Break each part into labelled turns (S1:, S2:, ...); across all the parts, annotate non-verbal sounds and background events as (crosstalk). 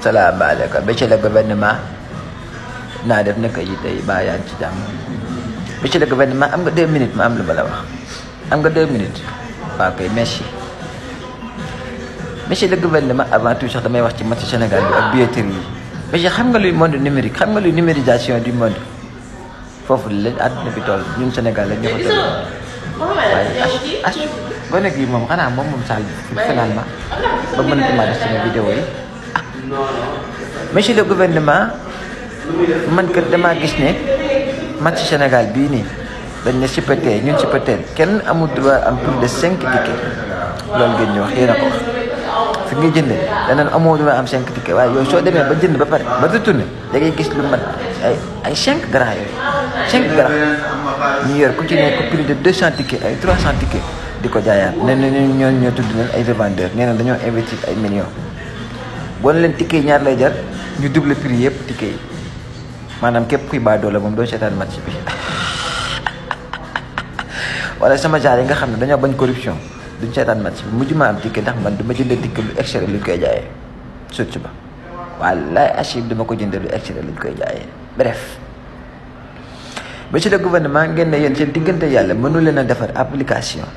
S1: salaamaaleykum monsieur le gouvernement naa def naka yi tey baa ci jàmm monsieur le gouvernement am nga deux minutes ma am lu ma la wax am nga deux minutes waaw kay merci monsieur le gouvernement avant tout sax damay wax ci match Sénégal bi ak billetterie yi xam nga luy numérisation du foofu la àdduna bi toll ñun Sénégal moom xanaa moom moom Sall bi finalement ba mën ko maa def sama yi Monsieur le gouvernement man kat dama gis ne match Sénégal bii nii dañ ne supporter ñun supporter kenn amul droit am plus de cinq tickets loolu ngeen ñu wax yéen a am cinq tickets waaye ya soo demee ba jënd ba pare ba retourné da mat ay ay cinq gras yooyu cinq gras ñu yor ku ci nekk plus de ay di ko jaayaat nee na ñoo ñoo tudd leen ay revendeur nee na dañoo investir ay millions boo ne leen ticket yi ñaar lay jar ñu double prix yëpp ticket yi maanaam képp kuy baadoo la moom doo seetaan match bi (laughs) wala sama genre yi nga xam ne dañoo bañ corruption duñ seetaan match bi mujj ma am ticket ndax man dama jëndee ticket lu extra luñ koy jaayee socc ba wallaay achib dama ko jëndee lu extra luñ koy jaayee bref. monsieur le gouvernement ngeen ne yéen seen diggante yàlla mënu leen a defar application.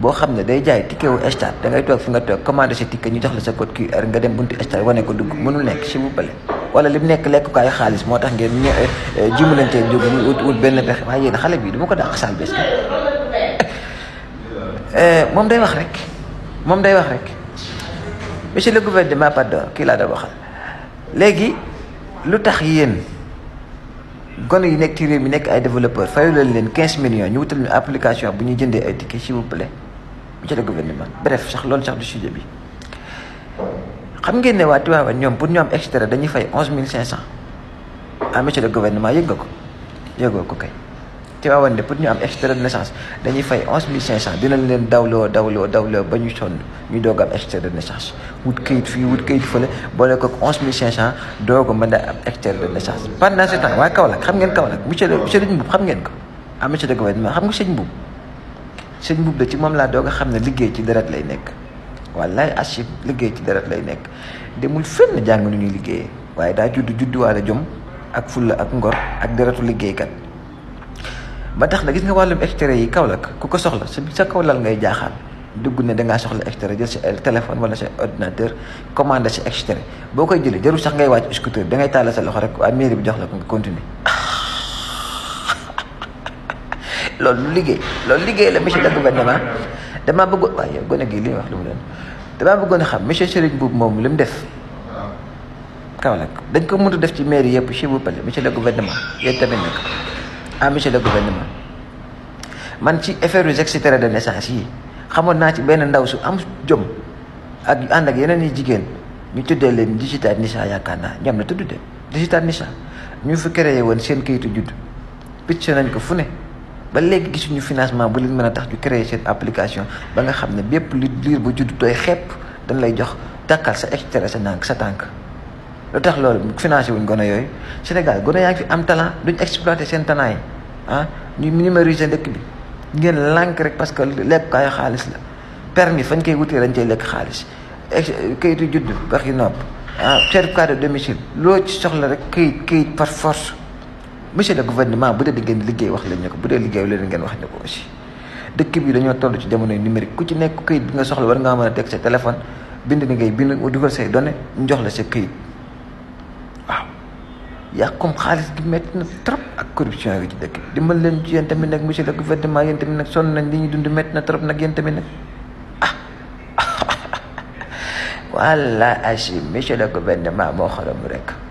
S1: boo xam ne day jaay ticket wu stade da ngay toog fi nga toog commandé sa ticket ñu jox la sa code QR nga dem buntu stade wane ko dugg mënul nekk s'il vous plaît wala li mu nekk lekkukaayu xaalis moo tax ngeen ñë eh, jimbalantee jóg muy ut ut benn pexe waaye yéen xale bi du ko dàq saal bés eh, moom day wax rek moom day wax rek monsieur le gouvernement pardon kii laa da waxal léegi lu tax yéen Si vous nekk ci réew mi développeur 15 millions ñu wutal une application bu s'il vous plaît monsieur le gouvernement bref sax loolu sax du sujet bi xam ngeen pour ñu am extra fay ah, monsieur le gouvernement Tivaouane de pour ñu am extrait de naissance dañuy fay onze mille cinq cent dinañ leen dawloo dawloo dawloo ba ñu sonn ñu doog am extrait de naissance wut këyit fii wut këyit fële boole ko onze mille cinq cent doog a a am extrait de naissance pendant ce temps waa xam ngeen Kaolack monsieur le monsieur Serigne Mboup xam ngeen ko ah monsieur le gouvernement xam nga Serigne Mboup Serigne Mboup de ci moom laa doog a xam ne liggéey ci deret lay nekk wallaay asib liggéey ci deret lay nekk demul fenn jàng nu ñuy liggéeyee waaye daa judd judduwaale jom ak fulla ak ngor ak deretu liggéeykat ba tax na gis nga wàllum extrait yi Kaolack ku ko soxla sa sa kaw lal ngay jaaxaan dugg na danga soxla extrait jël sa téléphone wala sa ordinateur commandé si extrait boo koy jëlee jarul sax ngay wàcc scooter dangay tàllal sa loxo rek waa jox la ko nga continuer (laughs) loolu liggéey loolu liggéey la monsieur le gouvernement damaa bëggoon waaye gone gi li wax lu mu doon damaa bëggoon a xam monsieur Serigne Boub moom li mu def Kaolack dañ ko mënut def ci mairie yëpp chez vous monsieur le gouvernement yéen tamit nag ah monsieur le gouvernement man ci effaire yu extrait de naissance yi xamoon naa ci benn ndaw su am jom ak ànd ak yeneen yi jigéen ñu tuddee leen digital nisa yaakaar naa ñoom la tudd de digital nisa ñu fi créé woon seen kayitu judd picc nañ ko fu ne ba léegi gisuñu financement bu leen mën a tax ñu créer seen application ba nga xam ne bépp li liir bu judd tooy xepp dañ lay jox takkal sa extrait sa nànk sa tànk lu tax loolu financé wuñ gone yooyu Sénégal gone yaa ngi fi am talent duñ exploité seen talent ah ñu numériser dëkk bi ngeen lànk rek parce que lekkaayu xaalis la permis fañ koy wutee lañ cay lekk xaalis kayitu judd bax yi nopp ah certificat de domicile loo ci soxla rek kayit kayit par force monsieur le gouvernement bu dee di ngeen liggéey wax leen ñu ko bu dee liggéey leen ngeen wax ñu ko aussi dëkk bi dañoo toll ci jamono numérique ku ci nekk kayit bi nga soxla war ngaa mën a teg sa téléphone bind ni bi bind dugal say données njox la sa kayit yàqum xaalis gi métti na trop ak corruption gi ci dëkk dimbal leen ci yéen tamit nag monsieur le gouvernement yéen tamit nag sonn nañ li ñuy dund métti na trop nag yéen tamit nag ah voilà asi monsieur le gouvernement moo xolamu rek